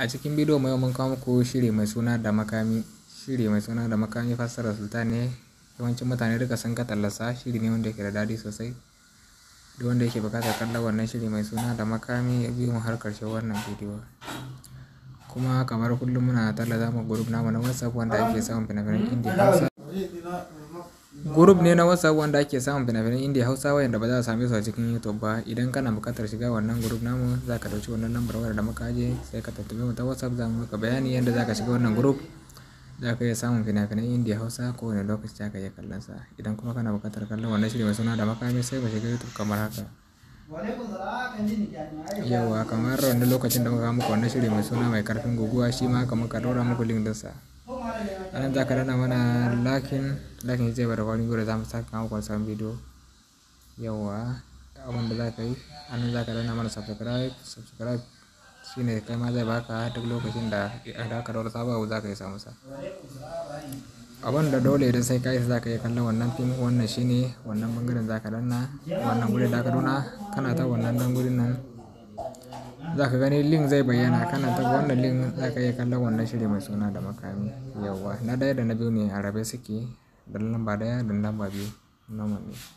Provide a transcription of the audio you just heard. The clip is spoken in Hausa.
A cikin bidiyo mai mun kawo muku shiri mai suna da makami. Shiri mai suna da makami fassarar sultan ne yawancin mutane duka sun ka tallasa shiri ne wanda yake da dadi sosai. Duk wanda yake buƙatar kallon wannan shiri mai suna da makami ya biyo mu har karshe wannan bidiyo. Kuma kamar kullum muna tallata mu group namu na WhatsApp wanda ake samun fina-finan Indiya Gurub ne na wasa wanda ake samun fina-finan Indiya Hausa wayanda ba za a same su a cikin YouTube ba. Idan kana buƙatar shiga wannan gurub namu, za ka ɗauki wannan lambar wayar da muka aje sai ka tattube mu ta WhatsApp za mu maka bayani yadda za ka shiga wannan gurub Za ka iya samun fina-finan Indiya Hausa wani lokaci za ka iya kallon sa. Idan kuma kana buƙatar kallon wannan shiri mai suna da makami sai ka shiga YouTube kamar haka. yawa kamar wani lokacin da muka kawo muku wannan shiri mai suna mai karfin guguwa shi ma ka muka ɗora muku link sa anan za ka dana mana lakin lakin zai bada wani gura za mu saka kawo kwan sabon bidiyo yawa abin da za ka yi anan za ka dana mana subscribe subscribe shine kai ma zai baka duk lokacin da aka daura sabawa za ka yi samu sa abin da dole idan sai ka isa za ka iya kallon wannan fim wannan shine wannan bangaren za ka danna wannan gurin da ka dona kana ta wannan dan gurin nan za ka gani link zai bayyana kana ta wannan link za ka iya kallon wannan shiri mai suna da makami yauwa na daya da na biyu ne a rabe suke da lamba ɗaya da lamba biyu na